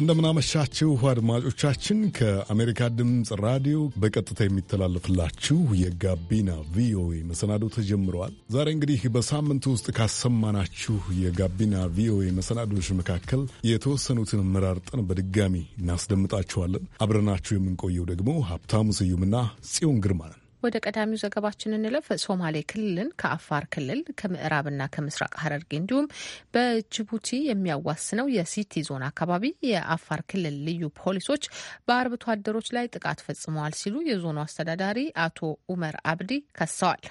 እንደምናመሻችሁ አድማጮቻችን፣ ከአሜሪካ ድምፅ ራዲዮ በቀጥታ የሚተላለፍላችሁ የጋቢና ቪኦኤ መሰናዶ ተጀምረዋል። ዛሬ እንግዲህ በሳምንት ውስጥ ካሰማናችሁ የጋቢና ቪኦኤ መሰናዶች መካከል የተወሰኑትን መራርጠን በድጋሚ እናስደምጣችኋለን። አብረናችሁ የምንቆየው ደግሞ ሀብታሙ ስዩምና ጽዮን ግርማ ነን። ወደ ቀዳሚው ዘገባችን እንለፍ። ሶማሌ ክልልን ከአፋር ክልል ከምዕራብና ከምስራቅ ሀረርጌ እንዲሁም በጅቡቲ የሚያዋስነው የሲቲ ዞን አካባቢ የአፋር ክልል ልዩ ፖሊሶች በአርብቶ አደሮች ላይ ጥቃት ፈጽመዋል ሲሉ የዞኑ አስተዳዳሪ አቶ ኡመር አብዲ ከሰዋል።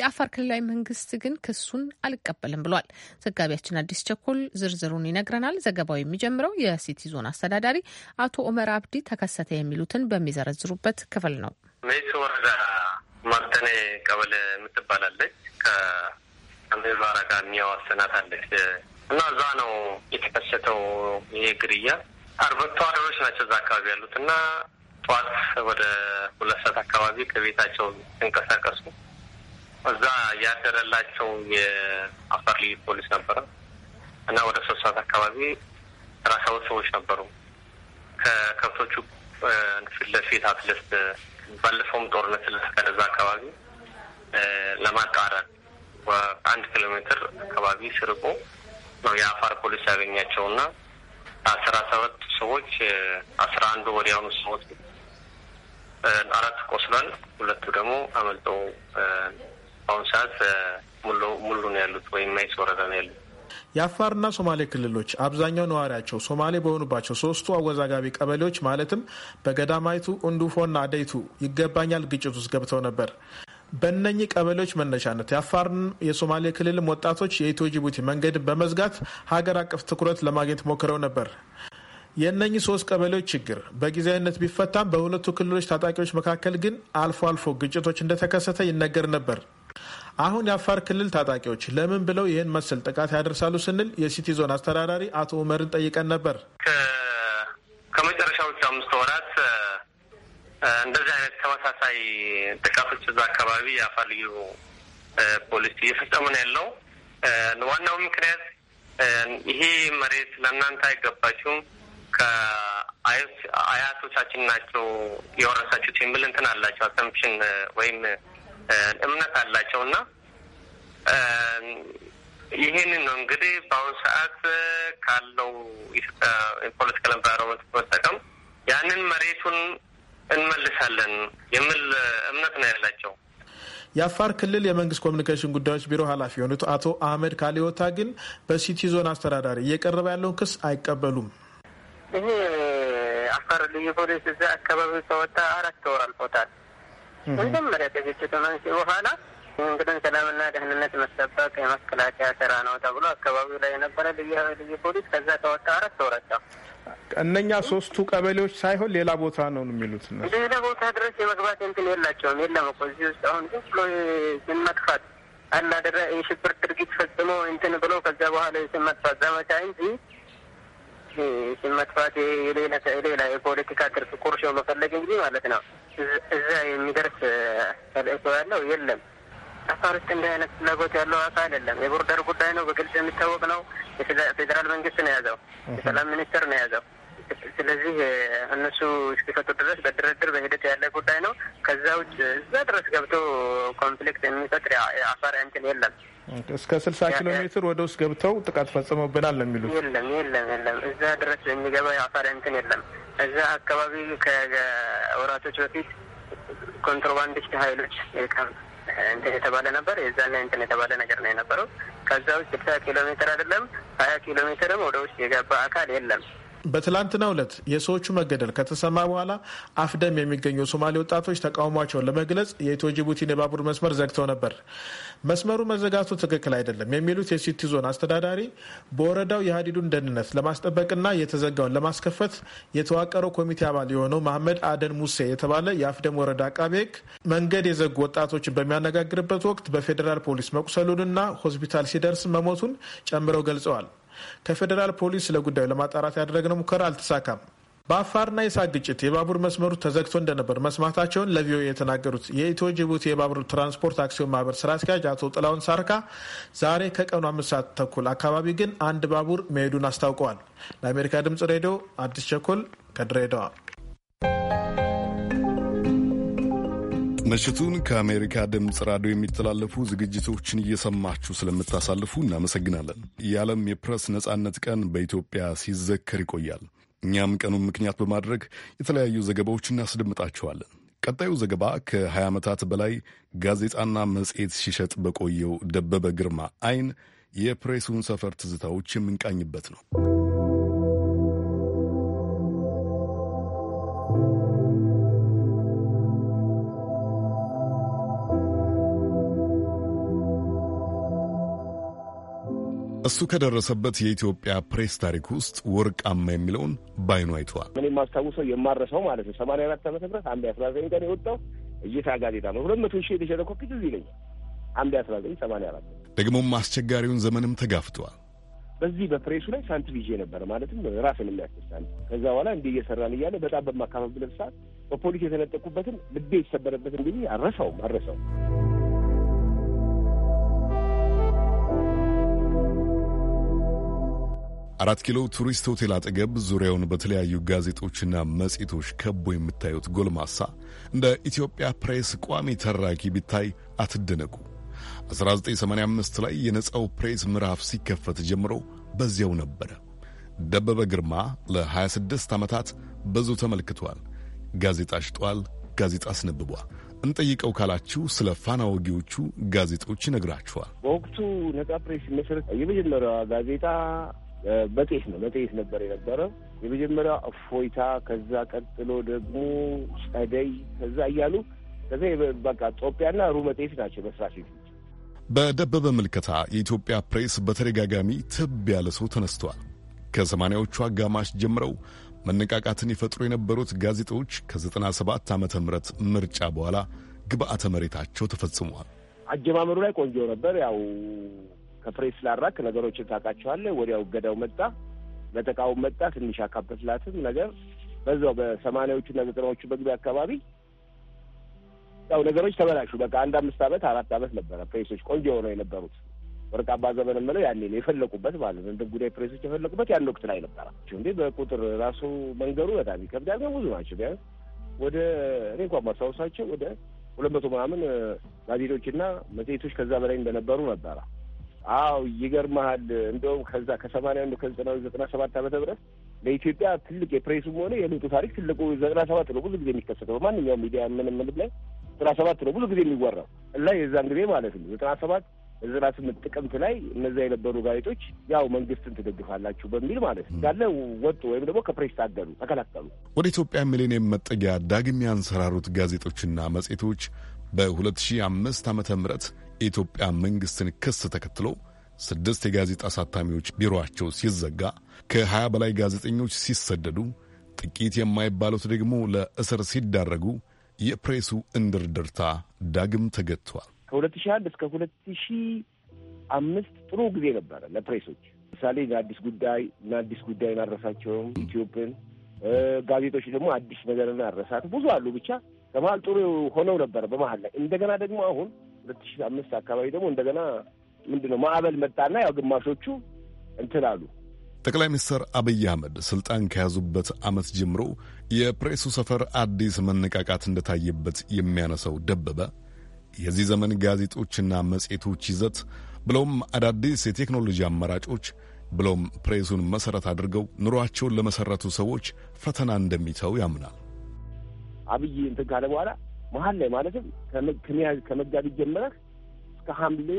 የአፋር ክልላዊ መንግስት ግን ክሱን አልቀበልም ብሏል። ዘጋቢያችን አዲስ ቸኮል ዝርዝሩን ይነግረናል። ዘገባው የሚጀምረው የሲቲ ዞን አስተዳዳሪ አቶ ኡመር አብዲ ተከሰተ የሚሉትን በሚዘረዝሩበት ክፍል ነው። ተነ ቀበሌ የምትባላለች ከሰሜን ጋር የሚያዋሰናት አለች እና እዛ ነው የተከሰተው ይሄ ግድያ። አርብቶ አደሮች ናቸው እዛ አካባቢ ያሉት እና ጠዋት ወደ ሁለት ሰዓት አካባቢ ከቤታቸው ሲንቀሳቀሱ እዛ ያደረላቸው የአፋር ልዩ ፖሊስ ነበረ እና ወደ ሶስት ሰዓት አካባቢ አስራ ሰባት ሰዎች ነበሩ ከከብቶቹ ፊት ለፊት አትለስ ባለፈውም ጦርነት ስለተካሄደ እዛ አካባቢ ለማጣራት አንድ ኪሎ ሜትር አካባቢ ስርቆ ነው የአፋር ፖሊስ ያገኛቸው እና አስራ ሰባት ሰዎች አስራ አንዱ ወዲያውኑ ሰዎች አራት ቆስሏል። ሁለቱ ደግሞ አመልጠው በአሁኑ ሰዓት ሙሉ ነው ያሉት ወይም ማይስ ወረዳ ነው ያሉት። የአፋርና ሶማሌ ክልሎች አብዛኛው ነዋሪያቸው ሶማሌ በሆኑባቸው ሶስቱ አወዛጋቢ ቀበሌዎች ማለትም በገዳማይቱ፣ እንዱፎና አደይቱ ይገባኛል ግጭት ውስጥ ገብተው ነበር። በእነኚህ ቀበሌዎች መነሻነት የአፋርን የሶማሌ ክልልም ወጣቶች የኢትዮ ጅቡቲ መንገድን በመዝጋት ሀገር አቀፍ ትኩረት ለማግኘት ሞክረው ነበር። የእነኚህ ሶስት ቀበሌዎች ችግር በጊዜያዊነት ቢፈታም በሁለቱ ክልሎች ታጣቂዎች መካከል ግን አልፎ አልፎ ግጭቶች እንደተከሰተ ይነገር ነበር። አሁን የአፋር ክልል ታጣቂዎች ለምን ብለው ይህን መሰል ጥቃት ያደርሳሉ ስንል የሲቲ ዞን አስተዳዳሪ አቶ ኡመርን ጠይቀን ነበር። ከመጨረሻዎቹ አምስት ወራት እንደዚህ አይነት ተመሳሳይ ጥቃቶች እዛ አካባቢ የአፋር ልዩ ፖሊስ እየፈጸሙ ነው ያለው። ዋናው ምክንያት ይሄ መሬት ለእናንተ አይገባችሁም ከአያቶቻችን ናቸው የወረሳችሁት የሚል እንትን አላቸው አሰምፕሽን ወይም እምነት አላቸው እና ይህንን ነው እንግዲህ በአሁኑ ሰዓት ካለው ኢትዮጵያ የፖለቲካል ኤንቫይሮመንት በመጠቀም ያንን መሬቱን እንመልሳለን የሚል እምነት ነው ያላቸው። የአፋር ክልል የመንግስት ኮሚኒኬሽን ጉዳዮች ቢሮ ኃላፊ የሆኑት አቶ አህመድ ካሊዮታ ግን በሲቲ ዞን አስተዳዳሪ እየቀረበ ያለውን ክስ አይቀበሉም። ይሄ አፋር ልዩ ፖሊስ እዚያ አካባቢ ከወጣ አራት ወር አልፎታል። መጀመሪያ ከግጭቱ መንስኤ በኋላ እንግዲህ ሰላምና ደህንነት መስጠበቅ የመከላከያ ስራ ነው ተብሎ አካባቢው ላይ የነበረ ልዩ ልዩ ፖሊስ ከዛ ተወጣ አራት ተወረዳ እነኛ ሶስቱ ቀበሌዎች ሳይሆን ሌላ ቦታ ነው የሚሉት ነ ሌላ ቦታ ድረስ የመግባት እንትን የላቸውም። የለም እኮ እዚህ ውስጥ አሁን ዝም ብሎ ስም መጥፋት አላደረ የሽብር ድርጊት ፈጽሞ እንትን ብሎ ከዛ በኋላ የስም መጥፋት ዘመቻ እንጂ ስም መጥፋት ሌላ የፖለቲካ ትርፍ ቁርሾ መፈለግ እንጂ ማለት ነው። እዛ የሚደርስ ተልእኮ ያለው የለም። አፋር ውስጥ እንዲህ አይነት ፍላጎት ያለው አካል የለም። የቦርደር ጉዳይ ነው፣ በግልጽ የሚታወቅ ነው። የፌዴራል መንግስት ነው የያዘው፣ የሰላም ሚኒስቴር ነው የያዘው። ስለዚህ እነሱ እስኪፈቱ ድረስ በድርድር በሂደት ያለ ጉዳይ ነው። ከዛ ውጭ እዛ ድረስ ገብቶ ኮንፍሊክት የሚፈጥር አፋር እንትን የለም። እስከ ስልሳ ኪሎ ሜትር ወደ ውስጥ ገብተው ጥቃት ፈጽመብናል ነው የሚሉት። የለም የለም የለም፣ እዛ ድረስ የሚገባ የአፋር እንትን የለም። እዛ አካባቢ ከወራቶች በፊት ኮንትሮባንዲስት ሀይሎች እንትን የተባለ ነበር። የዛና እንትን የተባለ ነገር ነው የነበረው። ከዛ ውስጥ ስልሳ ኪሎ ሜትር አይደለም ሀያ ኪሎ ሜትርም ወደ ውስጥ የገባ አካል የለም። በትላንትናው ዕለት የሰዎቹ መገደል ከተሰማ በኋላ አፍደም የሚገኙ ሶማሌ ወጣቶች ተቃውሟቸውን ለመግለጽ የኢትዮ ጅቡቲን የባቡር መስመር ዘግተው ነበር። መስመሩ መዘጋቱ ትክክል አይደለም የሚሉት የሲቲ ዞን አስተዳዳሪ በወረዳው የሀዲዱን ደህንነት ለማስጠበቅና የተዘጋውን ለማስከፈት የተዋቀረው ኮሚቴ አባል የሆነው መሐመድ አደን ሙሴ የተባለ የአፍደም ወረዳ አቃቤ ሕግ መንገድ የዘጉ ወጣቶችን በሚያነጋግርበት ወቅት በፌዴራል ፖሊስ መቁሰሉንና ሆስፒታል ሲደርስ መሞቱን ጨምረው ገልጸዋል። ከፌዴራል ፖሊስ ለጉዳዩ ለማጣራት ያደረግነው ሙከራ አልተሳካም። በአፋርና የኢሳቅ ግጭት የባቡር መስመሩ ተዘግቶ እንደነበር መስማታቸውን ለቪኦኤ የተናገሩት የኢትዮ ጅቡቲ የባቡር ትራንስፖርት አክሲዮን ማህበር ስራ አስኪያጅ አቶ ጥላውን ሳርካ ዛሬ ከቀኑ አምስት ሰዓት ተኩል አካባቢ ግን አንድ ባቡር መሄዱን አስታውቀዋል። ለአሜሪካ ድምጽ ሬዲዮ አዲስ ቸኮል ከድሬዳዋ ምሽቱን ከአሜሪካ ድምፅ ራዲዮ የሚተላለፉ ዝግጅቶችን እየሰማችሁ ስለምታሳልፉ እናመሰግናለን። የዓለም የፕረስ ነጻነት ቀን በኢትዮጵያ ሲዘከር ይቆያል። እኛም ቀኑን ምክንያት በማድረግ የተለያዩ ዘገባዎች እናስደምጣችኋለን። ቀጣዩ ዘገባ ከ20 ዓመታት በላይ ጋዜጣና መጽሔት ሲሸጥ በቆየው ደበበ ግርማ አይን የፕሬሱን ሰፈር ትዝታዎች የምንቃኝበት ነው። እሱ ከደረሰበት የኢትዮጵያ ፕሬስ ታሪክ ውስጥ ወርቃማ የሚለውን ባይኑ አይተዋል። እኔ የማስታውሰው የማረሰው ማለት ነው ሰማንያ አራት ዓመተ ምህረት አንድ አስራ ዘጠኝ ቀን የወጣው እይታ ጋዜጣ ነው። ሁለት መቶ ሺህ የተሸጠ ኮፒ ትዝ ይለኛል። አንድ አስራ ዘጠኝ ሰማንያ አራት ደግሞም አስቸጋሪውን ዘመንም ተጋፍተዋል። በዚህ በፕሬሱ ላይ ሳንቲም ይዤ ነበር። ማለትም ራስን የሚያስደሳል። ከዛ በኋላ እንዲህ እየሰራን እያለ በጣም በማካፈብለት ሰዓት በፖሊስ የተነጠቁበትን ልቤ የተሰበረበትን ጊዜ አረሰውም አረሳውም አራት ኪሎ ቱሪስት ሆቴል አጠገብ ዙሪያውን በተለያዩ ጋዜጦችና መጽሔቶች ከቦ የምታዩት ጎልማሳ እንደ ኢትዮጵያ ፕሬስ ቋሚ ተራኪ ቢታይ አትደነቁ። 1985 ላይ የነፃው ፕሬስ ምዕራፍ ሲከፈት ጀምሮ በዚያው ነበረ። ደበበ ግርማ ለ26 ዓመታት ብዙ ተመልክቷል። ጋዜጣ ሽጧል፣ ጋዜጣ አስነብቧል። እንጠይቀው ካላችሁ ስለ ፋና ወጊዎቹ ጋዜጦች ይነግራችኋል። በወቅቱ ነጻ ፕሬስ ሲመሰረት የመጀመሪያዋ ጋዜጣ በጤፍ ነው በጤፍ ነበር የነበረ የመጀመሪያ እፎይታ፣ ከዛ ቀጥሎ ደግሞ ጸደይ፣ ከዛ እያሉ ከዛ በቃ ጦጵያና ሩመ ጤፍ ናቸው መስራች በደበበ ምልከታ የኢትዮጵያ ፕሬስ በተደጋጋሚ ትብ ያለ ሰው ተነስተዋል። ከሰማንያዎቹ አጋማሽ ጀምረው መነቃቃትን ይፈጥሩ የነበሩት ጋዜጦች ከ97 ዓመተ ምህረት ምርጫ በኋላ ግብአተ መሬታቸው ተፈጽመዋል። አጀማመሩ ላይ ቆንጆ ነበር። ያው ከፕሬስ ላራክ ነገሮችን ታውቃቸዋለህ። ወዲያው እገዳው መጣ፣ በተቃውሞ መጣ። ትንሽ አካበትላትም ነገር በዛው በሰማንያዎቹና ዘጠናዎቹ መግቢያ አካባቢ ያው ነገሮች ተበላሹ። በቃ አንድ አምስት ዓመት አራት ዓመት ነበረ ፕሬሶች ቆንጆ ሆነው የነበሩት አባ ዘመን የምለው ያኔ ነው የፈለቁበት ማለት ነው። እንደ ጉዳይ ፕሬሶች የፈለቁበት ያን ወቅት ላይ ነበረ። እንዴ በቁጥር ራሱ መንገሩ በጣም ይከብዳል። ብዙ ናቸው ቢያንስ ወደ እኔ እንኳን ማስታወሳቸው ወደ ሁለት መቶ ምናምን ጋዜጦችና መጽሔቶች ከዛ በላይ እንደነበሩ ነበረ። አዎ ይገርመሃል። እንደውም ከዛ ከሰማንያ አንዱ ከዘጠና ዘጠና ሰባት ዓመተ ምህረት ለኢትዮጵያ ትልቅ የፕሬሱም ሆነ የለውጡ ታሪክ ትልቁ ዘጠና ሰባት ነው። ብዙ ጊዜ የሚከሰተው በማንኛውም ሚዲያ የምንምልብ ላይ ዘጠና ሰባት ነው ብዙ ጊዜ የሚወራው እና የዛን ጊዜ ማለት ነው ዘጠና ሰባት ዘጠና ስምንት ጥቅምት ላይ እነዛ የነበሩ ጋዜጦች ያው መንግስትን ትደግፋላችሁ በሚል ማለት እንዳለ ወጡ ወይም ደግሞ ከፕሬስ ታገዱ፣ ተከላከሉ። ወደ ኢትዮጵያ ሚሌኒየም መጠጊያ ዳግም ያንሰራሩት ጋዜጦችና መጽሔቶች በ2005 ዓ ም የኢትዮጵያ መንግስትን ክስ ተከትሎ ስድስት የጋዜጣ አሳታሚዎች ቢሮአቸው ሲዘጋ ከ20 በላይ ጋዜጠኞች ሲሰደዱ ጥቂት የማይባሉት ደግሞ ለእስር ሲዳረጉ የፕሬሱ እንድርድርታ ዳግም ተገጥቷል። ከ ሺህ እስከ ሁለት ጥሩ ጊዜ ነበረ ለፕሬሶች። ምሳሌ አዲስ ጉዳይ እና አዲስ ጉዳይ አረሳቸውም ኢትዮጵን ጋዜጦች ደግሞ አዲስ ነገርና አረሳት ብዙ አሉ። ብቻ በመሀል ጥሩ ሆነው ነበረ። በመሀል ላይ እንደገና ደግሞ አሁን ሁለት አምስት አካባቢ ደግሞ እንደገና ምንድን ነው ማዕበል መጣና ያው ግማሾቹ እንትን አሉ። ጠቅላይ ሚኒስትር አብይ አህመድ ስልጣን ከያዙበት ዓመት ጀምሮ የፕሬሱ ሰፈር አዲስ መነቃቃት እንደታየበት የሚያነሳው ደበበ የዚህ ዘመን ጋዜጦችና መጽሔቶች ይዘት ብለውም አዳዲስ የቴክኖሎጂ አማራጮች ብለውም ፕሬሱን መሰረት አድርገው ኑሯቸውን ለመሰረቱ ሰዎች ፈተና እንደሚተው ያምናል። አብይ እንትን ካለ በኋላ መሀል ላይ ማለትም ከሚያዝ ከመጋቢት ጀምረህ እስከ ሐምሌ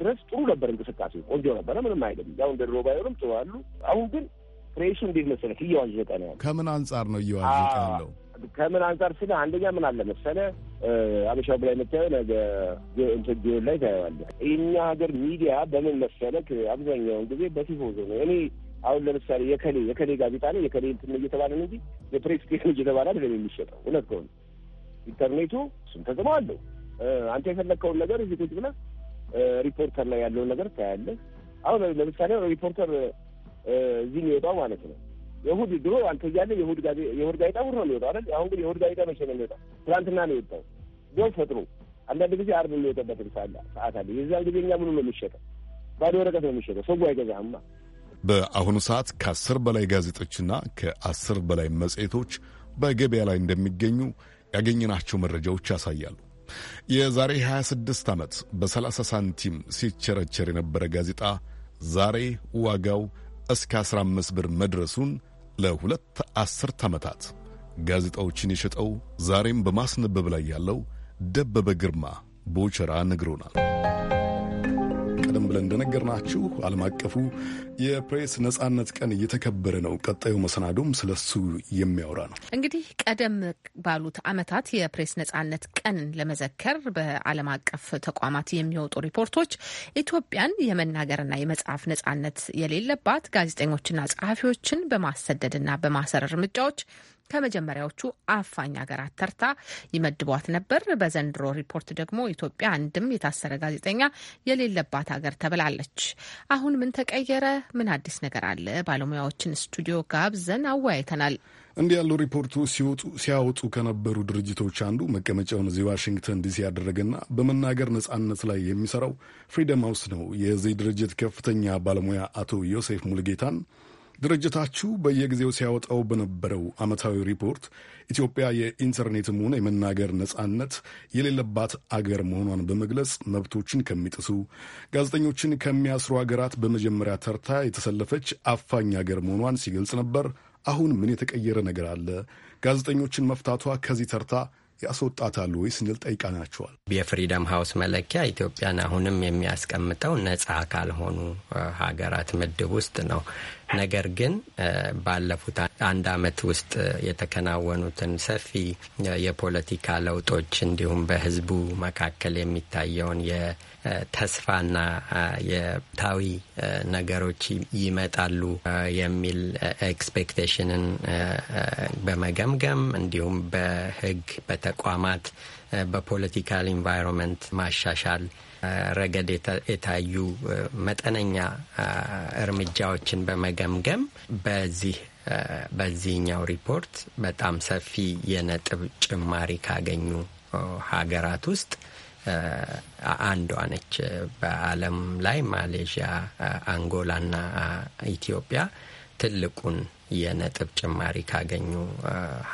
ድረስ ጥሩ ነበር፣ እንቅስቃሴ ቆንጆ ነበረ። ምንም አይደለም። ያው እንደ ድሮ ባይሆንም ጥሩ አሉ። አሁን ግን ፕሬሱ እንዴት መሰለህ እየዋዠቀ ነው ያለው። ከምን አንጻር ነው እየዋዠቀ ያለው? ከምን አንጻር ስለ አንደኛ ምን አለ መሰለ አበሻ ብላይ የምታየው ነገ እንትን ጊዮን ላይ ታየዋለህ። የኛ ሀገር ሚዲያ በምን መሰለህ አብዛኛውን ጊዜ በቲፎዞ ነው እኔ አሁን ለምሳሌ የከሌ የከሌ ጋዜጣ ነው የከሌ እንትን እየተባለ ነው እንጂ የፕሬስ ቴክን እየተባለ አይደለም የሚሸጠው እውነት ከሆነ ኢንተርኔቱ እሱም ተጽዕኖ አለው። አንተ የፈለግከውን ነገር እዚህ ቁጭ ብለህ ሪፖርተር ላይ ያለውን ነገር ታያለህ። አሁን ለምሳሌ ሪፖርተር እዚህ የሚወጣው ማለት ነው የሁድ ድሮ አንተ እያለ የእሑድ ጋዜጣ እሑድ ነው የሚወጣው አይደል? አሁን ግን የእሑድ ጋዜጣ መቼ ነው የሚወጣው? ትናንትና ነው የወጣው። ዶል ፈጥሮ አንዳንድ ጊዜ አርብ የሚወጣበት ሰዓት አለ። የዛን ጊዜ እኛ ምኑ ነው የሚሸጠው? ባዶ ወረቀት ነው የሚሸጠው። ሰው አይገዛህማ። በአሁኑ ሰዓት ከአስር በላይ ጋዜጦችና ከአስር በላይ መጽሔቶች በገበያ ላይ እንደሚገኙ ያገኘናቸው መረጃዎች ያሳያሉ። የዛሬ 26 ዓመት በ30 ሳንቲም ሲቸረቸር የነበረ ጋዜጣ ዛሬ ዋጋው እስከ 15 ብር መድረሱን ለሁለት አስርት ዓመታት ጋዜጣዎችን የሸጠው ዛሬም በማስነበብ ላይ ያለው ደበበ ግርማ ቦቸራ ነግሮናል። ቀደም ብለን እንደነገርናችሁ ዓለም አቀፉ የፕሬስ ነጻነት ቀን እየተከበረ ነው። ቀጣዩ መሰናዶም ስለሱ የሚያወራ ነው። እንግዲህ ቀደም ባሉት ዓመታት የፕሬስ ነጻነት ቀንን ለመዘከር በዓለም አቀፍ ተቋማት የሚወጡ ሪፖርቶች ኢትዮጵያን የመናገርና የመጽሐፍ ነጻነት የሌለባት ጋዜጠኞችና ጸሐፊዎችን በማሰደድና በማሰር እርምጃዎች ከመጀመሪያዎቹ አፋኝ ሀገራት ተርታ ይመድቧት ነበር። በዘንድሮ ሪፖርት ደግሞ ኢትዮጵያ አንድም የታሰረ ጋዜጠኛ የሌለባት ሀገር ተብላለች። አሁን ምን ተቀየረ? ምን አዲስ ነገር አለ? ባለሙያዎችን ስቱዲዮ ጋብዘን አወያይተናል። እንዲህ ያለው ሪፖርቱ ሲያወጡ ከነበሩ ድርጅቶች አንዱ መቀመጫውን እዚህ ዋሽንግተን ዲሲ ያደረገና በመናገር ነጻነት ላይ የሚሰራው ፍሪደም ሃውስ ነው። የዚህ ድርጅት ከፍተኛ ባለሙያ አቶ ዮሴፍ ሙልጌታን ድርጅታችሁ በየጊዜው ሲያወጣው በነበረው ዓመታዊ ሪፖርት ኢትዮጵያ የኢንተርኔትም ሆነ የመናገር ነጻነት የሌለባት አገር መሆኗን በመግለጽ መብቶችን ከሚጥሱ ጋዜጠኞችን ከሚያስሩ አገራት በመጀመሪያ ተርታ የተሰለፈች አፋኝ አገር መሆኗን ሲገልጽ ነበር። አሁን ምን የተቀየረ ነገር አለ? ጋዜጠኞችን መፍታቷ ከዚህ ተርታ ያስወጣታሉ ወይ ስንል ጠይቃናቸዋል። የፍሪደም ሀውስ መለኪያ ኢትዮጵያን አሁንም የሚያስቀምጠው ነጻ ካልሆኑ ሀገራት ምድብ ውስጥ ነው። ነገር ግን ባለፉት አንድ አመት ውስጥ የተከናወኑትን ሰፊ የፖለቲካ ለውጦች እንዲሁም በህዝቡ መካከል የሚታየውን የተስፋና የታዊ ነገሮች ይመጣሉ የሚል ኤክስፔክቴሽንን በመገምገም እንዲሁም በህግ በተቋማት፣ በፖለቲካል ኢንቫይሮንመንት ማሻሻል ረገድ የታዩ መጠነኛ እርምጃዎችን በመገምገም በዚህ በዚህኛው ሪፖርት በጣም ሰፊ የነጥብ ጭማሪ ካገኙ ሀገራት ውስጥ አንዷ ነች። በዓለም ላይ ማሌዥያ፣ አንጎላና ኢትዮጵያ ትልቁን የነጥብ ጭማሪ ካገኙ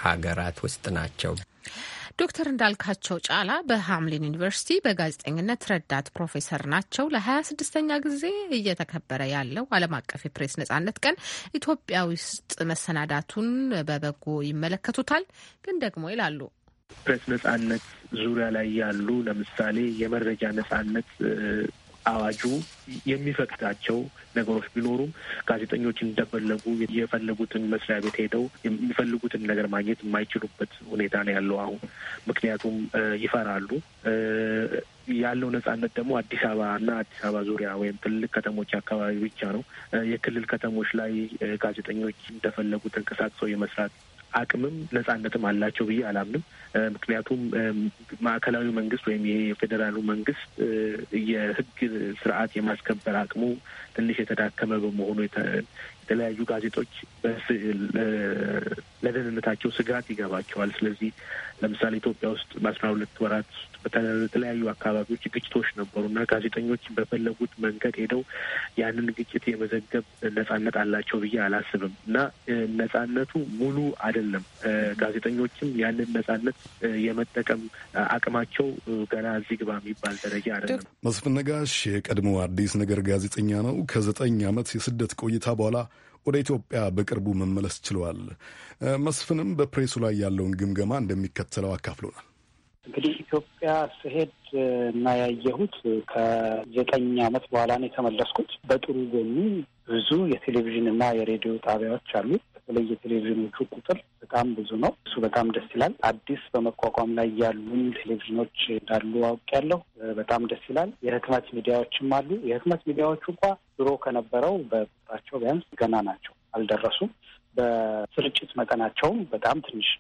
ሀገራት ውስጥ ናቸው። ዶክተር እንዳልካቸው ጫላ በሃምሊን ዩኒቨርሲቲ በጋዜጠኝነት ረዳት ፕሮፌሰር ናቸው። ለ26ኛ ጊዜ እየተከበረ ያለው ዓለም አቀፍ የፕሬስ ነጻነት ቀን ኢትዮጵያ ውስጥ መሰናዳቱን በበጎ ይመለከቱታል። ግን ደግሞ ይላሉ ፕሬስ ነጻነት ዙሪያ ላይ ያሉ ለምሳሌ የመረጃ ነጻነት አዋጁ የሚፈቅዳቸው ነገሮች ቢኖሩም ጋዜጠኞች እንደፈለጉ የፈለጉትን መስሪያ ቤት ሄደው የሚፈልጉትን ነገር ማግኘት የማይችሉበት ሁኔታ ነው ያለው አሁን። ምክንያቱም ይፈራሉ። ያለው ነጻነት ደግሞ አዲስ አበባ እና አዲስ አበባ ዙሪያ ወይም ትልቅ ከተሞች አካባቢ ብቻ ነው። የክልል ከተሞች ላይ ጋዜጠኞች እንደፈለጉ ተንቀሳቅሰው የመስራት አቅምም ነጻነትም አላቸው ብዬ አላምንም። ምክንያቱም ማዕከላዊ መንግስት ወይም ይሄ የፌዴራሉ መንግስት የህግ ስርዓት የማስከበር አቅሙ ትንሽ የተዳከመ በመሆኑ የተለያዩ ጋዜጦች በስዕል ለደህንነታቸው ስጋት ይገባቸዋል። ስለዚህ ለምሳሌ ኢትዮጵያ ውስጥ በአስራ ሁለት ወራት ውስጥ በተለያዩ አካባቢዎች ግጭቶች ነበሩ እና ጋዜጠኞች በፈለጉት መንገድ ሄደው ያንን ግጭት የመዘገብ ነጻነት አላቸው ብዬ አላስብም እና ነጻነቱ ሙሉ አይደለም። ጋዜጠኞችም ያንን ነጻነት የመጠቀም አቅማቸው ገና እዚህ ግባ የሚባል ደረጃ አይደለም። መስፍን ነጋሽ የቀድሞ አዲስ ነገር ጋዜጠኛ ነው። ከዘጠኝ ዓመት የስደት ቆይታ በኋላ ወደ ኢትዮጵያ በቅርቡ መመለስ ችለዋል። መስፍንም በፕሬሱ ላይ ያለውን ግምገማ እንደሚከተለው አካፍሎናል። እንግዲህ ኢትዮጵያ ስሄድ እና ያየሁት ከዘጠኝ አመት በኋላ ነው የተመለስኩት። በጥሩ ጎኑ ብዙ የቴሌቪዥን እና የሬዲዮ ጣቢያዎች አሉ። በተለይ የቴሌቪዥኖቹ ቁጥር በጣም ብዙ ነው። እሱ በጣም ደስ ይላል። አዲስ በመቋቋም ላይ ያሉን ቴሌቪዥኖች እንዳሉ አውቄያለሁ። በጣም ደስ ይላል። የህትመት ሚዲያዎችም አሉ። የህትመት ሚዲያዎቹ እንኳ ድሮ ከነበረው በቁጥራቸው ቢያንስ ገና ናቸው፣ አልደረሱም። በስርጭት መጠናቸውም በጣም ትንሽ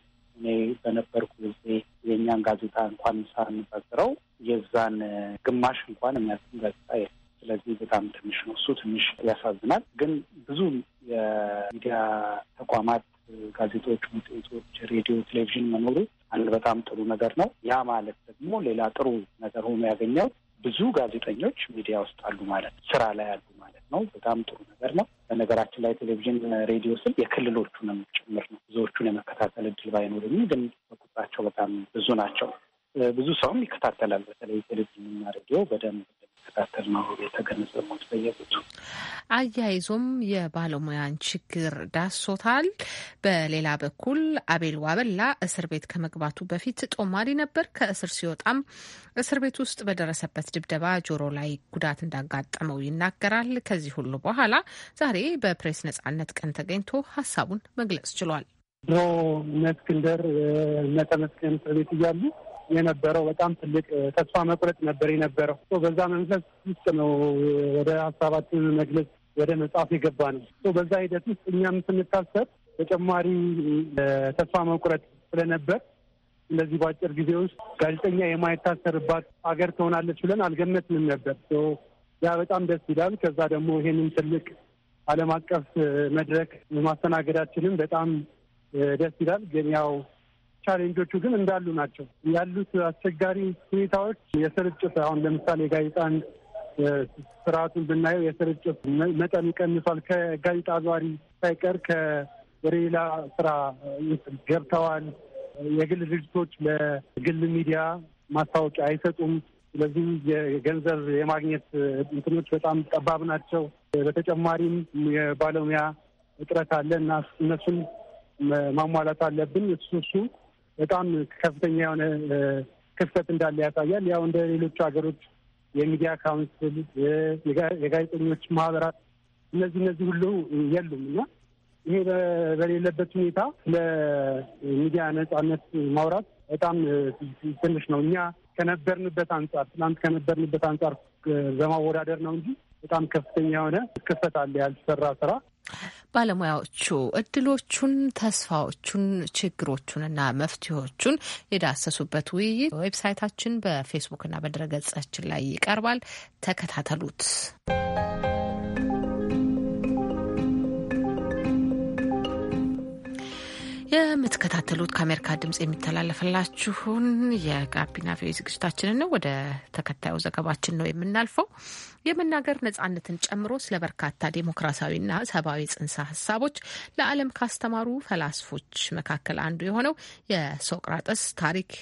እኔ በነበርኩ ጊዜ የእኛን ጋዜጣ እንኳን ሳንበግረው የዛን ግማሽ እንኳን የሚያስም ጋዜጣ የለም። ስለዚህ በጣም ትንሽ ነው። እሱ ትንሽ ያሳዝናል። ግን ብዙ የሚዲያ ተቋማት፣ ጋዜጦች፣ መጽሔቶች፣ ሬዲዮ፣ ቴሌቪዥን መኖሩ አንድ በጣም ጥሩ ነገር ነው። ያ ማለት ደግሞ ሌላ ጥሩ ነገር ሆኖ ያገኘው ብዙ ጋዜጠኞች ሚዲያ ውስጥ አሉ ማለት ስራ ላይ አሉ ማለት ነው። በጣም ጥሩ ነገር ነው። በነገራችን ላይ ቴሌቪዥን፣ ሬዲዮ ስል የክልሎቹንም ጭምር ነው። ብዙዎቹን የመከታተል እድል ባይኖርም ግን በቁጥራቸው በጣም ብዙ ናቸው። ብዙ ሰውም ይከታተላል። በተለይ ቴሌቪዥንና ሬዲዮ በደንብ እየተከታተል ነው የተገነዘቡት በየቦቱ። አያይዞም የባለሙያን ችግር ዳሶታል። በሌላ በኩል አቤል ዋበላ እስር ቤት ከመግባቱ በፊት ጦማሪ ነበር። ከእስር ሲወጣም እስር ቤት ውስጥ በደረሰበት ድብደባ ጆሮ ላይ ጉዳት እንዳጋጠመው ይናገራል። ከዚህ ሁሉ በኋላ ዛሬ በፕሬስ ነጻነት ቀን ተገኝቶ ሀሳቡን መግለጽ ችሏል። ድሮ እነ እስክንደር እነ ተመስገን እስር ቤት እያሉ የነበረው። በጣም ትልቅ ተስፋ መቁረጥ ነበር የነበረው። በዛ መንፈስ ውስጥ ነው ወደ ሀሳባችን መግለጽ ወደ መጽሐፍ የገባ ነው። በዛ ሂደት ውስጥ እኛም ስንታሰብ ተጨማሪ ተስፋ መቁረጥ ስለነበር እንደዚህ በአጭር ጊዜ ውስጥ ጋዜጠኛ የማይታሰርባት አገር ትሆናለች ብለን አልገመትንም ነበር። ያ በጣም ደስ ይላል። ከዛ ደግሞ ይሄንን ትልቅ ዓለም አቀፍ መድረክ ማስተናገዳችንም በጣም ደስ ይላል። ግን ያው ቻሌንጆቹ ግን እንዳሉ ናቸው። ያሉት አስቸጋሪ ሁኔታዎች የስርጭት አሁን ለምሳሌ ጋዜጣን ስርዓቱን ብናየው የስርጭት መጠን ቀንሷል። ከጋዜጣ አዟሪ ሳይቀር ወደ ሌላ ስራ ገብተዋል። የግል ድርጅቶች ለግል ሚዲያ ማስታወቂያ አይሰጡም። ስለዚህ የገንዘብ የማግኘት እንትኖች በጣም ጠባብ ናቸው። በተጨማሪም የባለሙያ እጥረት አለ እና እነሱን ማሟላት አለብን። እሱ እሱ በጣም ከፍተኛ የሆነ ክፍተት እንዳለ ያሳያል። ያው እንደ ሌሎቹ ሀገሮች የሚዲያ ካውንስል፣ የጋዜጠኞች ማህበራት እነዚህ እነዚህ ሁሉ የሉም እና ይሄ በሌለበት ሁኔታ ስለ ሚዲያ ነጻነት ማውራት በጣም ትንሽ ነው። እኛ ከነበርንበት አንጻር ትናንት ከነበርንበት አንጻር በማወዳደር ነው እንጂ በጣም ከፍተኛ የሆነ ክፍተት አለ ያልተሰራ ስራ ባለሙያዎቹ እድሎቹን፣ ተስፋዎቹን፣ ችግሮቹንና መፍትሄዎቹን የዳሰሱበት ውይይት ዌብሳይታችን በፌስቡክና በድረገጻችን ላይ ይቀርባል። ተከታተሉት። የምትከታተሉት ከአሜሪካ ድምጽ የሚተላለፍላችሁን የጋቢና ቪኦኤ ዝግጅታችንን ነው። ወደ ተከታዩ ዘገባችን ነው የምናልፈው። የመናገር ነጻነትን ጨምሮ ስለ በርካታ ዴሞክራሲያዊና ሰብአዊ ጽንሰ ሀሳቦች ለዓለም ካስተማሩ ፈላስፎች መካከል አንዱ የሆነው የሶቅራጠስ ታሪክ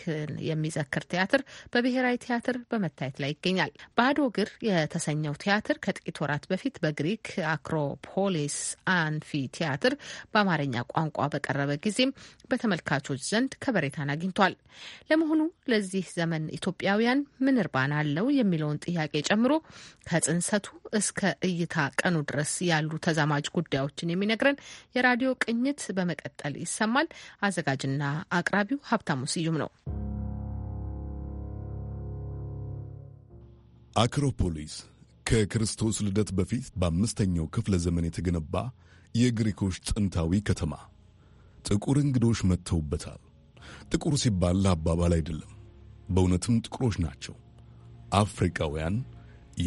የሚዘክር ቲያትር በብሔራዊ ቲያትር በመታየት ላይ ይገኛል። ባዶ እግር የተሰኘው ቲያትር ከጥቂት ወራት በፊት በግሪክ አክሮፖሊስ አንፊ ቲያትር በአማርኛ ቋንቋ በቀረበ ጊዜ ጊዜም በተመልካቾች ዘንድ ከበሬታን አግኝቷል። ለመሆኑ ለዚህ ዘመን ኢትዮጵያውያን ምን እርባን አለው የሚለውን ጥያቄ ጨምሮ ከጽንሰቱ እስከ እይታ ቀኑ ድረስ ያሉ ተዛማጅ ጉዳዮችን የሚነግረን የራዲዮ ቅኝት በመቀጠል ይሰማል። አዘጋጅና አቅራቢው ሀብታሙ ስዩም ነው። አክሮፖሊስ ከክርስቶስ ልደት በፊት በአምስተኛው ክፍለ ዘመን የተገነባ የግሪኮች ጥንታዊ ከተማ ጥቁር እንግዶች መጥተውበታል። ጥቁር ሲባል ለአባባል አይደለም፣ በእውነትም ጥቁሮች ናቸው። አፍሪካውያን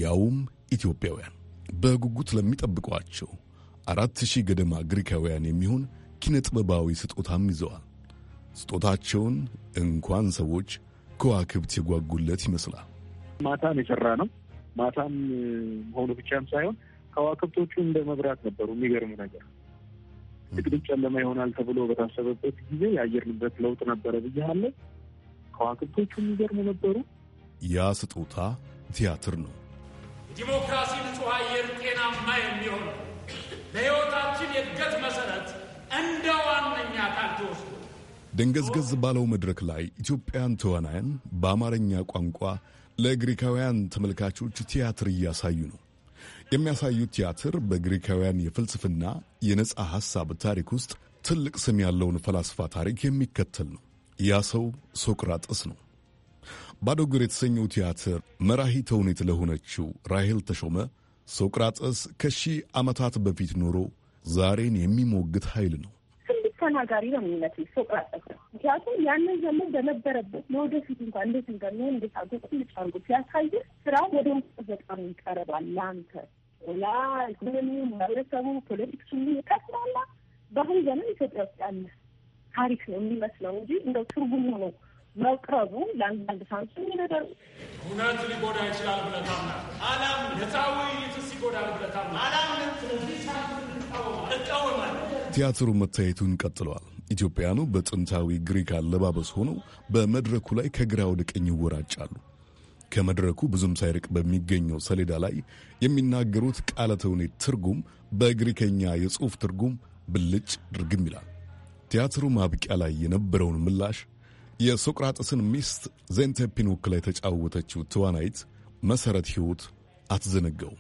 ያውም ኢትዮጵያውያን በጉጉት ለሚጠብቋቸው አራት ሺህ ገደማ ግሪካውያን የሚሆን ኪነ ጥበባዊ ስጦታም ይዘዋል። ስጦታቸውን እንኳን ሰዎች ከዋክብት የጓጉለት ይመስላል። ማታም የሰራ ነው። ማታም መሆኑ ብቻም ሳይሆን ከዋክብቶቹ እንደ መብራት ነበሩ። የሚገርሙ ነገር ጥቅጥቅ ጨለማ ይሆናል ተብሎ በታሰበበት ጊዜ የአየር ንብረት ለውጥ ነበረ ብያለሁ። ከዋክብቶቹ የሚገርሙ ነበሩ። ያ ስጦታ ቲያትር ነው። ዲሞክራሲ ንጹሕ አየር ጤናማ የሚሆን ለሕይወታችን የእድገት መሠረት እንደ ዋነኛ አካል ተወስዶ ደንገዝገዝ ባለው መድረክ ላይ ኢትዮጵያን ተዋናያን በአማርኛ ቋንቋ ለግሪካውያን ተመልካቾች ቲያትር እያሳዩ ነው። የሚያሳዩት ቲያትር በግሪካውያን የፍልስፍና የነፃ ሐሳብ ታሪክ ውስጥ ትልቅ ስም ያለውን ፈላስፋ ታሪክ የሚከተል ነው። ያ ሰው ሶቅራጥስ ነው። ባዶ እግር የተሰኘው ቲያትር መራሂ ተውኔት ለሆነችው ራሄል ተሾመ ሶቅራጥስ ከሺህ ዓመታት በፊት ኖሮ ዛሬን የሚሞግት ኃይል ነው። ትልቅ ተናጋሪ ነው የሚመስል ሶቅራጥስ ነው። ምክንያቱም ያንን ዘመን በነበረበት ለወደፊት እንኳ እንዴት እንደሚሆን እንዴት አድርጎ ቁልጭ አድርጎ ሲያሳይ ስራ ወደ ውስጥ በጣም ይቀርባል ለአንተ ያ ኢኮኖሚ ማህበረሰቡ፣ ፖለቲክሱ ጠቅላላ በአሁን ዘመን ኢትዮጵያ ውስጥ ያለ ታሪክ ነው የሚመስለው እንጂ እንደው ትርጉሙ ነው መቅረቡ ለአንዳንድ ሳንሱ የሚነገር እውነት ሊጎዳ ይችላል ብለታም አላም ነፃዊ ይትስ ይጎዳል ብለታም አላም ቲያትሩ መታየቱን ቀጥለዋል። ኢትዮጵያኑ በጥንታዊ ግሪክ አለባበስ ሆነው በመድረኩ ላይ ከግራ ወደ ቀኝ ይወራጫሉ። ከመድረኩ ብዙም ሳይርቅ በሚገኘው ሰሌዳ ላይ የሚናገሩት ቃለ ተውኔት ትርጉም በግሪከኛ የጽሑፍ ትርጉም ብልጭ ድርግም ይላል። ቲያትሩ ማብቂያ ላይ የነበረውን ምላሽ የሶቅራጥስን ሚስት ዜንቴፒን ወክላ የተጫወተችው ተዋናይት መሰረት ህይወት አትዘነገው።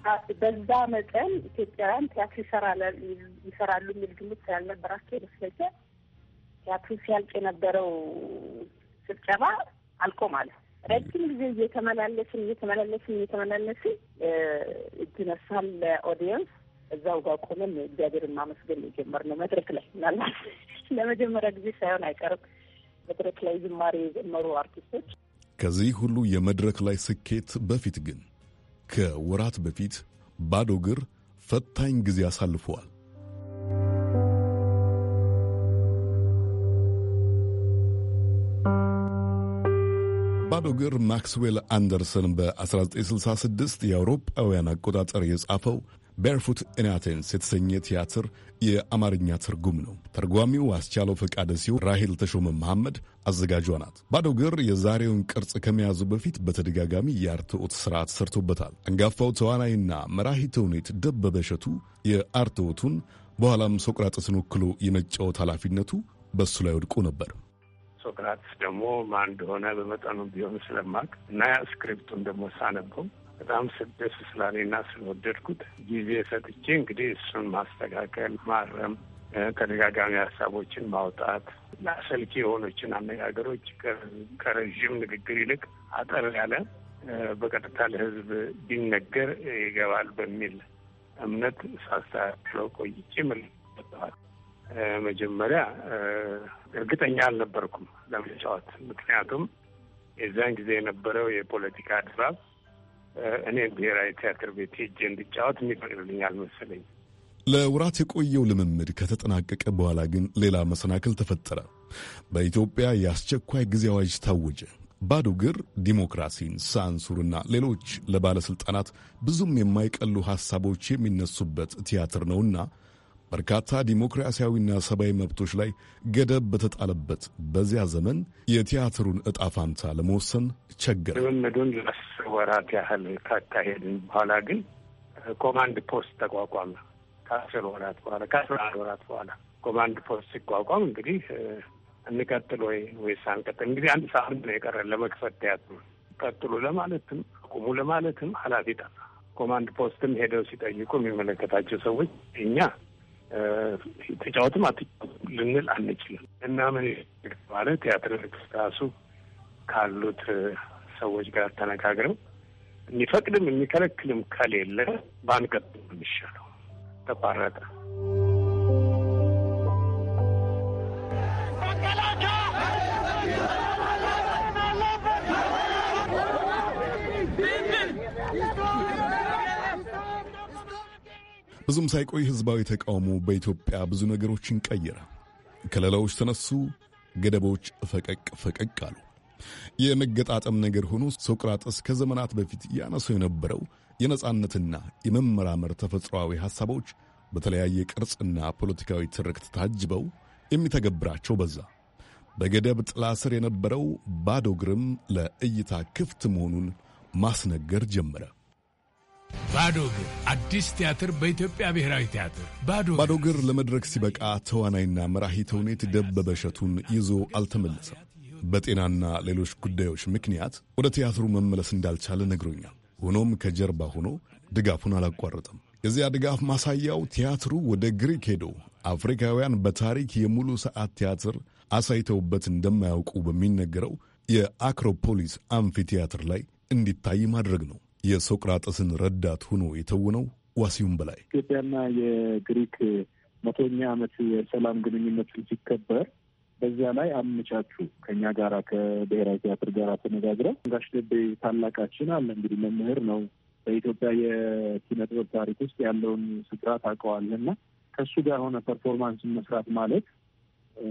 በዛ መጠን ኢትዮጵያውያን ቲያትር ይሰራሉ የሚል ግምት ስላልነበራቸው ይመስለኛል ቲያትሩ ሲያልቅ የነበረው ጭብጨባ አልቆ ማለት ረጅም ጊዜ እየተመላለስን እየተመላለስን እየተመላለስን እጅ ነሳል ለኦዲየንስ እዛው ጋር ቆመን እግዚአብሔርን ማመስገን የጀመርነው መድረክ ላይ ምናልባት ለመጀመሪያ ጊዜ ሳይሆን አይቀርም። መድረክ ላይ ዝማሬ የዘመሩ አርቲስቶች ከዚህ ሁሉ የመድረክ ላይ ስኬት በፊት ግን ከወራት በፊት ባዶ እግር ፈታኝ ጊዜ አሳልፈዋል። የባዶ እግር ማክስዌል አንደርሰን በ1966 የአውሮፓውያን አቆጣጠር የጻፈው ቤርፉት ኢን የተሰኘ ቲያትር የአማርኛ ትርጉም ነው። ተርጓሚው አስቻለው ፈቃደ ሲሆን ራሄል ተሾመ መሐመድ አዘጋጇ ናት። ባዶ እግር የዛሬውን ቅርጽ ከመያዙ በፊት በተደጋጋሚ የአርትዖት ስርዓት ሰርቶበታል። አንጋፋው ተዋናይና መራሂ ተውኔት ደበበ እሸቱ የአርትዖቱን በኋላም ሶቅራጥስን ወክሎ የመጫወት ኃላፊነቱ በእሱ ላይ ወድቆ ነበር። ሶክራትስ ደግሞ ማን እንደሆነ በመጠኑ ቢሆን ስለማቅ እና ስክሪፕቱን ደግሞ ሳነበው በጣም ስደስ ስላለና ስለወደድኩት ጊዜ ሰጥቼ እንግዲህ እሱን ማስተካከል፣ ማረም፣ ተደጋጋሚ ሀሳቦችን ማውጣት ለአሰልቺ የሆኖችን አነጋገሮች ከረዥም ንግግር ይልቅ አጠር ያለ በቀጥታ ለሕዝብ ቢነገር ይገባል በሚል እምነት ሳስተካክለው ቆይቼ መጠዋል። መጀመሪያ እርግጠኛ አልነበርኩም ለመጫወት። ምክንያቱም የዚያን ጊዜ የነበረው የፖለቲካ ድባብ እኔ ብሔራዊ ቲያትር ቤት ሄጄ እንድጫወት የሚፈቅድልኝ አልመሰለኝ። ለውራት የቆየው ልምምድ ከተጠናቀቀ በኋላ ግን ሌላ መሰናክል ተፈጠረ። በኢትዮጵያ የአስቸኳይ ጊዜ አዋጅ ታወጀ። ባዶ እግር ዲሞክራሲን፣ ሳንሱርና ሌሎች ለባለሥልጣናት ብዙም የማይቀሉ ሐሳቦች የሚነሱበት ቲያትር ነውና በርካታ ዲሞክራሲያዊና ሰብአዊ መብቶች ላይ ገደብ በተጣለበት በዚያ ዘመን የቲያትሩን እጣ ፋንታ ለመወሰን ቸገረ። ልምምዱን ለአስር ወራት ያህል ካካሄድን በኋላ ግን ኮማንድ ፖስት ተቋቋመ። ከአስር ወራት በኋላ ከአስራ አንድ ወራት በኋላ ኮማንድ ፖስት ሲቋቋም እንግዲህ እንቀጥል ወይ ወይስ አንቀጥል? እንግዲህ አንድ ሳምንት ነው የቀረን ለመክፈት ቲያትሩ። ቀጥሉ ለማለትም አቁሙ ለማለትም ኃላፊ ጠፋ። ኮማንድ ፖስትም ሄደው ሲጠይቁ የሚመለከታቸው ሰዎች እኛ ተጫወትም አትጫወትም ልንል አንችልም። እና ምን ማለት ቲያትር ራሱ ካሉት ሰዎች ጋር ተነጋግረው የሚፈቅድም የሚከለክልም ከሌለ ባንቀጥም የሚሻለው ተቋረጠ። ብዙም ሳይቆይ ህዝባዊ ተቃውሞ በኢትዮጵያ ብዙ ነገሮችን ቀየረ። ከለላዎች ተነሱ፣ ገደቦች ፈቀቅ ፈቀቅ አሉ። የመገጣጠም ነገር ሆኖ ሶቅራጥስ ከዘመናት በፊት ያነሰው የነበረው የነጻነትና የመመራመር ተፈጥሯዊ ሐሳቦች በተለያየ ቅርጽና ፖለቲካዊ ትርክት ታጅበው የሚተገብራቸው በዛ። በገደብ ጥላ ስር የነበረው ባዶ እግርም ለእይታ ክፍት መሆኑን ማስነገር ጀመረ። ባዶ እግር አዲስ ቲያትር በኢትዮጵያ ብሔራዊ ቲያትር ባዶ እግር ለመድረክ ሲበቃ ተዋናይና መራሂ ተውኔት ደበበ እሸቱን ይዞ አልተመለሰም። በጤናና ሌሎች ጉዳዮች ምክንያት ወደ ቲያትሩ መመለስ እንዳልቻለ ነግሮኛል። ሆኖም ከጀርባ ሆኖ ድጋፉን አላቋረጠም። የዚያ ድጋፍ ማሳያው ቲያትሩ ወደ ግሪክ ሄዶ አፍሪካውያን በታሪክ የሙሉ ሰዓት ቲያትር አሳይተውበት እንደማያውቁ በሚነገረው የአክሮፖሊስ አምፊቲያትር ላይ እንዲታይ ማድረግ ነው። የሶቅራጠስን ረዳት ሆኖ የተውነው ዋሲውን በላይ ኢትዮጵያና የግሪክ መቶኛ ዓመት የሰላም ግንኙነትን ሲከበር በዛ ላይ አመቻቹ ከኛ ጋር ከብሔራዊ ቲያትር ጋር ተነጋግረው ጋሽ ደቤ ታላቃችን አለ እንግዲህ መምህር ነው። በኢትዮጵያ የኪነጥበብ ታሪክ ውስጥ ያለውን ስፍራ ታውቀዋለህ እና ከእሱ ጋር የሆነ ፐርፎርማንስ መስራት ማለት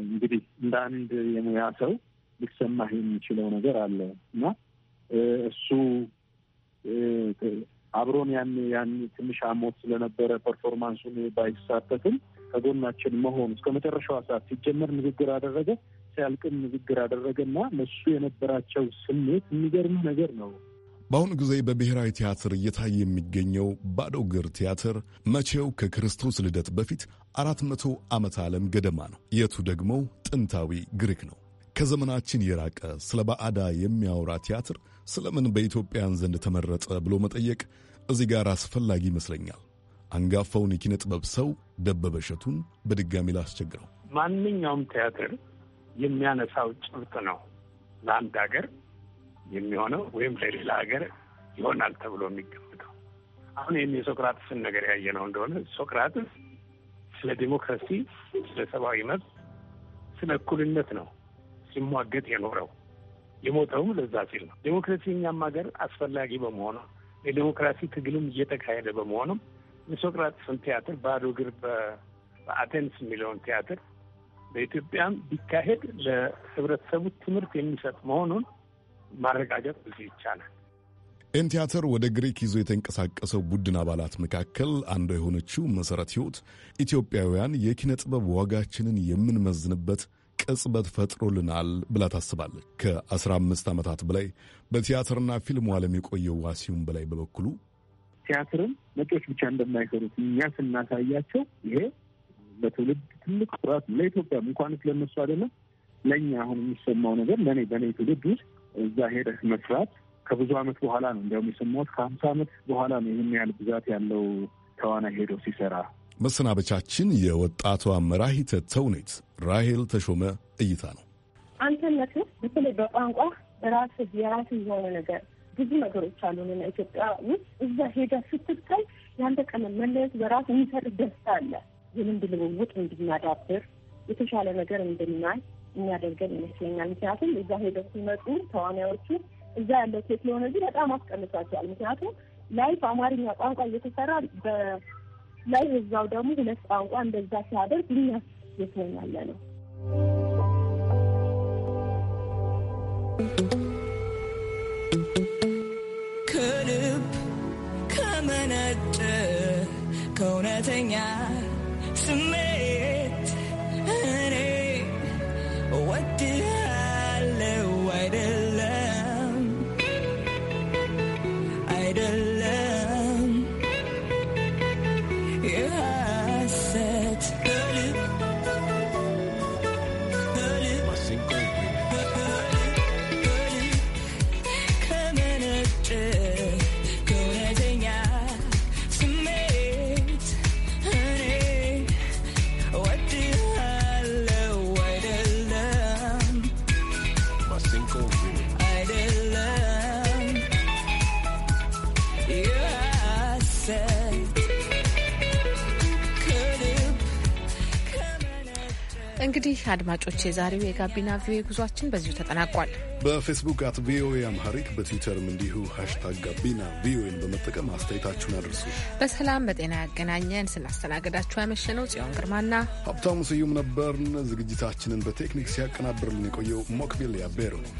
እንግዲህ እንደ አንድ የሙያ ሰው ሊሰማህ የሚችለው ነገር አለ እና እሱ አብሮን ያን ያን ትንሽ አሞት ስለነበረ ፐርፎርማንሱን ባይሳተፍም ከጎናችን መሆኑ እስከ መጨረሻዋ ሰዓት ሲጀመር ንግግር አደረገ፣ ሲያልቅም ንግግር አደረገና ለሱ የነበራቸው ስሜት የሚገርም ነገር ነው። በአሁኑ ጊዜ በብሔራዊ ቲያትር እየታየ የሚገኘው ባዶ እግር ቲያትር መቼው ከክርስቶስ ልደት በፊት አራት መቶ ዓመት ዓለም ገደማ ነው። የቱ ደግሞ ጥንታዊ ግሪክ ነው። ከዘመናችን የራቀ ስለ ባዕዳ የሚያወራ ቲያትር ስለምን በኢትዮጵያን ዘንድ ተመረጠ ብሎ መጠየቅ እዚህ ጋር አስፈላጊ ይመስለኛል። አንጋፋውን የኪነ ጥበብ ሰው ደበበ እሸቱን በድጋሚ ላስቸግረው። ማንኛውም ቲያትር የሚያነሳው ጭብጥ ነው ለአንድ ሀገር የሚሆነው ወይም ለሌላ ሀገር ይሆናል ተብሎ የሚገምተው። አሁን ይህን የሶቅራጥስን ነገር ያየነው እንደሆነ ሶቅራጥስ ስለ ዲሞክራሲ፣ ስለ ሰብአዊ መብት፣ ስለ እኩልነት ነው ሲሟገት የኖረው። የሞተውም ለዛ ሲል ነው። ዴሞክራሲ እኛም ሀገር አስፈላጊ በመሆኑ የዴሞክራሲ ትግልም እየተካሄደ በመሆኑም የሶቅራጥስን ቲያትር ባዶ እግር በአቴንስ የሚለውን ቲያትር በኢትዮጵያም ቢካሄድ ለህብረተሰቡ ትምህርት የሚሰጥ መሆኑን ማረጋገጥ ብዙ ይቻላል። ኤን ቲያትር ወደ ግሪክ ይዞ የተንቀሳቀሰው ቡድን አባላት መካከል አንዷ የሆነችው መሠረት ሕይወት ኢትዮጵያውያን የኪነ ጥበብ ዋጋችንን የምንመዝንበት ቅጽበት ፈጥሮልናል ብላ ታስባለች። ከ15 ዓመታት በላይ በቲያትርና ፊልሙ ዓለም የቆየው ዋሲሁን በላይ በበኩሉ ቲያትርን ነጮች ብቻ እንደማይሰሩት እኛ ስናሳያቸው ይሄ ለትውልድ ትልቅ ኩራት ለኢትዮጵያም እንኳን ስለነሱ አይደለም ለእኛ አሁን የሚሰማው ነገር ለእኔ በእኔ ትውልድ ውስጥ እዛ ሄደህ መስራት ከብዙ ዓመት በኋላ ነው እንዲያውም የሰማሁት ከሀምሳ ዓመት በኋላ ነው ይህን ያህል ብዛት ያለው ተዋናይ ሄዶ ሲሰራ መሰናበቻችን የወጣቷ መራሂተ ተውኔት ራሄል ተሾመ እይታ ነው። አንተነት በተለይ በቋንቋ በራስ የራስ የሆነ ነገር ብዙ ነገሮች አሉ። ኢትዮጵያ ውስጥ እዛ ሄዳ ስትታይ ያንተ ቀለም መለየት በራሱ የሚሰጥ ደስታ አለ። የልምድ ልውውጥ እንድናዳብር የተሻለ ነገር እንድናይ የሚያደርገን ይመስለኛል። ምክንያቱም እዛ ሄደ ሲመጡ ተዋናዮቹ እዛ ያለው ቴክኖሎጂ በጣም አስቀምጧቸዋል። ምክንያቱም ላይፍ አማርኛ ቋንቋ እየተሰራ ላይ እዛው ደግሞ ሁለት ቋንቋ እንደዛ ሲያደርግ ልናስት ነው። ከልብ ከመነጨ ከእውነተኛ ስሜት እኔ ወድህ አድማጮች፣ የዛሬው የጋቢና ቪኦኤ ጉዟችን በዚሁ ተጠናቋል። በፌስቡክ አት ቪኦኤ አምሃሪክ በትዊተርም እንዲሁ ሀሽታግ ጋቢና ቪኦኤን በመጠቀም አስተያየታችሁን አድርሱ። በሰላም በጤና ያገናኘን። ስናስተናግዳችሁ ያመሸነው ጽዮን ግርማና ሀብታሙ ስዩም ነበርን። ዝግጅታችንን በቴክኒክ ሲያቀናብርልን የቆየው ሞክቢል ያቤሩ ነው።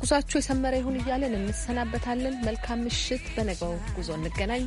ጉዟችሁ የሰመረ ይሁን እያለን እንሰናበታለን። መልካም ምሽት። በነገው ጉዞ እንገናኝ።